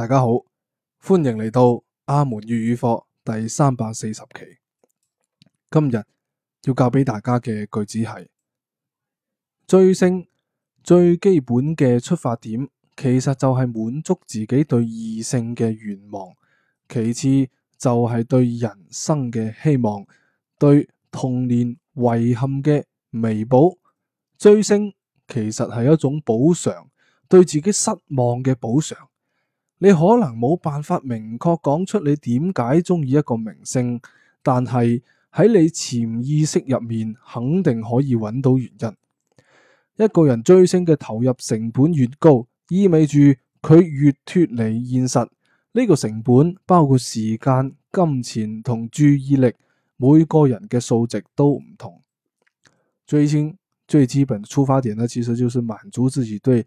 大家好，歡迎嚟到阿門粵語課第三百四十期。今日要教俾大家嘅句子係追星，最基本嘅出發點其實就係滿足自己對異性嘅願望，其次就係對人生嘅希望，對童年遺憾嘅彌補。追星其實係一種補償，對自己失望嘅補償。你可能冇辦法明確講出你點解中意一個明星，但係喺你潛意識入面，肯定可以揾到原因。一個人追星嘅投入成本越高，意味住佢越脱離現實。呢個成本包括時間、金錢同注意力，每個人嘅數值都唔同。追星最基本嘅出發點呢，其實就是滿足自己對。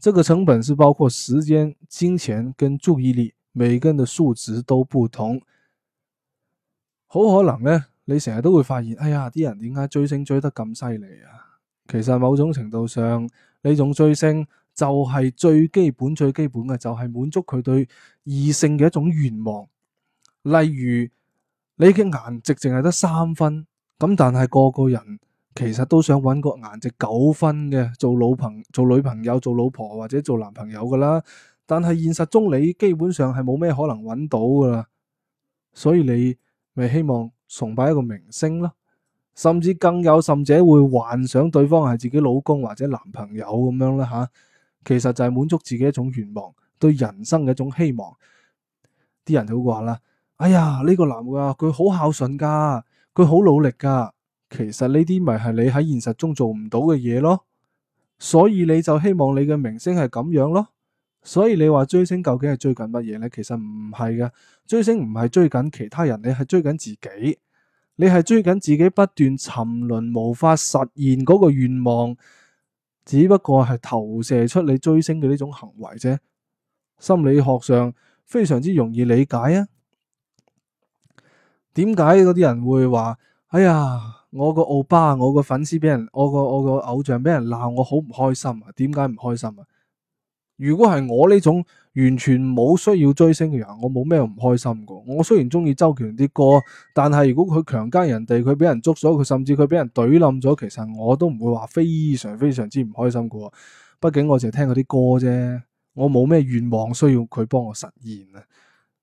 這個成本是包括時間、金錢跟注意力，每個人的數值都不同。好可能呢，你成日都會發現，哎呀，啲人點解追星追得咁犀利啊？其實某種程度上，呢種追星就係最基本、最基本嘅，就係滿足佢對異性嘅一種願望。例如你嘅顏值淨係得三分，咁但係個個人。其實都想揾個顏值九分嘅做老朋、做女朋友、做老婆或者做男朋友噶啦，但係現實中你基本上係冇咩可能揾到噶啦，所以你咪希望崇拜一個明星咯，甚至更有甚者會幻想對方係自己老公或者男朋友咁樣啦吓、啊。其實就係滿足自己一種願望，對人生嘅一種希望。啲人就會話啦：，哎呀呢、這個男嘅佢好孝順噶，佢好努力噶。其實呢啲咪係你喺現實中做唔到嘅嘢咯，所以你就希望你嘅明星係咁樣咯，所以你話追星究竟係追緊乜嘢呢？其實唔係嘅，追星唔係追緊其他人，你係追緊自己，你係追緊自己不斷沉淪，無法實現嗰個願望，只不過係投射出你追星嘅呢種行為啫。心理學上非常之容易理解啊，點解嗰啲人會話哎呀？我個歐巴，我個粉絲俾人，我個我個偶像俾人鬧，我好唔開心啊！點解唔開心啊？如果係我呢種完全冇需要追星嘅人，我冇咩唔開心噶。我雖然中意周杰倫啲歌，但係如果佢強姦人哋，佢俾人捉咗，佢甚至佢俾人懟冧咗，其實我都唔會話非常非常之唔開心噶。畢竟我淨係聽佢啲歌啫，我冇咩願望需要佢幫我實現啊，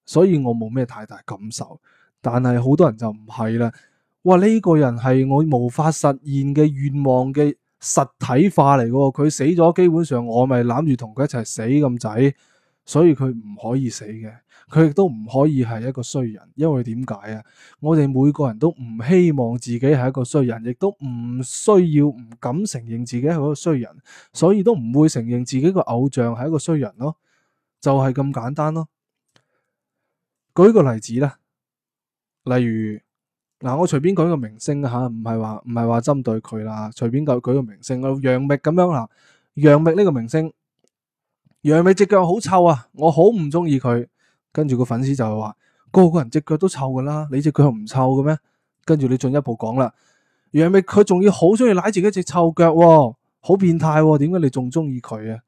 所以我冇咩太大感受。但係好多人就唔係啦。哇！呢個人係我無法實現嘅願望嘅實體化嚟噶，佢死咗，基本上我咪攬住同佢一齊死咁滯，所以佢唔可以死嘅，佢亦都唔可以係一個衰人，因為點解啊？我哋每個人都唔希望自己係一個衰人，亦都唔需要唔敢承認自己係一個衰人，所以都唔會承認自己個偶像係一個衰人咯，就係咁簡單咯。舉個例子啦，例如。嗱、啊，我隨便舉個明星嚇，唔係話唔係話針對佢啦，隨便舉舉個明星、啊，楊冪咁樣啦。楊冪呢個明星，楊冪隻腳好臭啊，我好唔中意佢。跟住個粉絲就會話：個個人隻腳都臭噶啦，你隻腳唔臭嘅咩？跟住你進一步講啦，楊冪佢仲要好中意舐自己隻臭腳喎，好變態喎，點解你仲中意佢啊？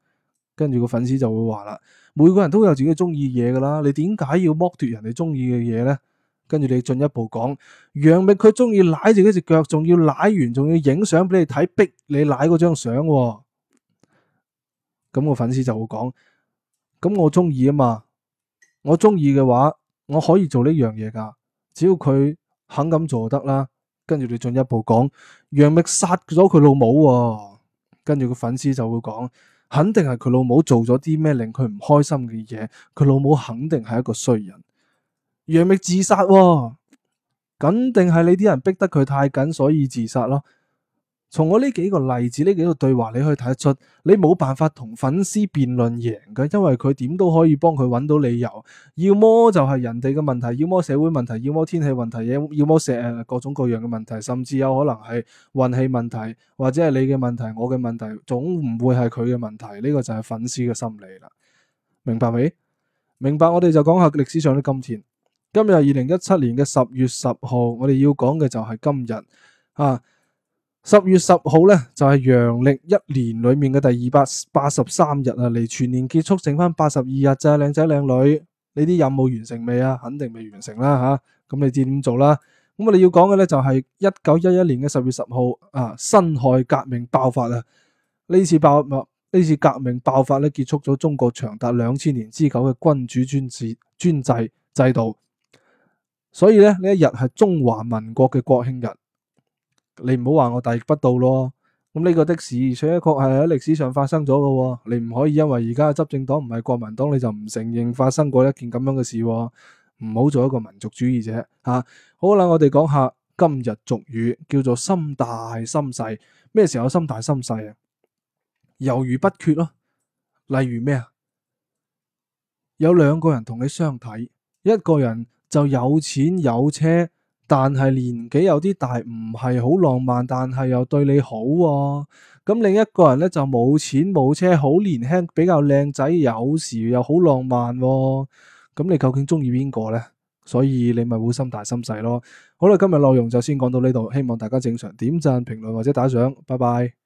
跟住個粉絲就會話啦、啊啊會：每個人都有自己中意嘢噶啦，你點解要剝奪人哋中意嘅嘢咧？跟住你進一步講，楊冪佢中意舐住嗰隻腳，仲要舐完，仲要影相俾你睇，逼你舐嗰張相、哦。咁個粉絲就會講：咁我中意啊嘛，我中意嘅話，我可以做呢樣嘢噶，只要佢肯咁做就得啦。跟住你進一步講，楊冪殺咗佢老母、哦。跟住個粉絲就會講：肯定係佢老母做咗啲咩令佢唔開心嘅嘢，佢老母肯定係一個衰人。楊冪自殺、哦，肯定係你啲人逼得佢太緊，所以自殺咯。從我呢幾個例子、呢幾個對話，你可以睇得出，你冇辦法同粉絲辯論贏嘅，因為佢點都可以幫佢揾到理由。要麼就係人哋嘅問題，要麼社會問題，要麼天氣問題，要麼、啊、各種各樣嘅問題，甚至有可能係運氣問題，或者係你嘅問題、我嘅問題，總唔會係佢嘅問題。呢、這個就係粉絲嘅心理啦。明白未？明白？我哋就講下歷史上嘅今天。今日係二零一七年嘅十月十號，我哋要講嘅就係今日啊！十月十號咧，就係陽曆一年裏面嘅第二百八十三日啊，嚟全年結束剩翻，八十二日就係靚仔靚女，你啲任務完成未啊？肯定未完成啦吓，咁你知點做啦？咁我哋要講嘅咧就係一九一一年嘅十月十號啊，辛亥革命爆發啊！呢次爆呢次革命爆發咧，結束咗中國長達兩千年之久嘅君主專治專制制度。所以咧，呢一日係中華民國嘅國慶日，你唔好話我大逆不道咯。咁呢個的事，而且確係喺歷史上發生咗嘅。你唔可以因為而家嘅執政黨唔係國民黨，你就唔承認發生過一件咁樣嘅事。唔好做一個民族主義者吓，啊。好啦，我哋講下今日俗語，叫做心大心細。咩時候心大心細啊？猶豫不決咯。例如咩啊？有兩個人同你相睇，一個人。就有錢有車，但係年紀有啲大，唔係好浪漫，但係又對你好喎、哦。咁另一個人咧就冇錢冇車，好年輕，比較靚仔，有時又好浪漫喎。咁你究竟中意邊個咧？所以你咪會心大心細咯。好啦，今日內容就先講到呢度，希望大家正常點讚、評論或者打賞。拜拜。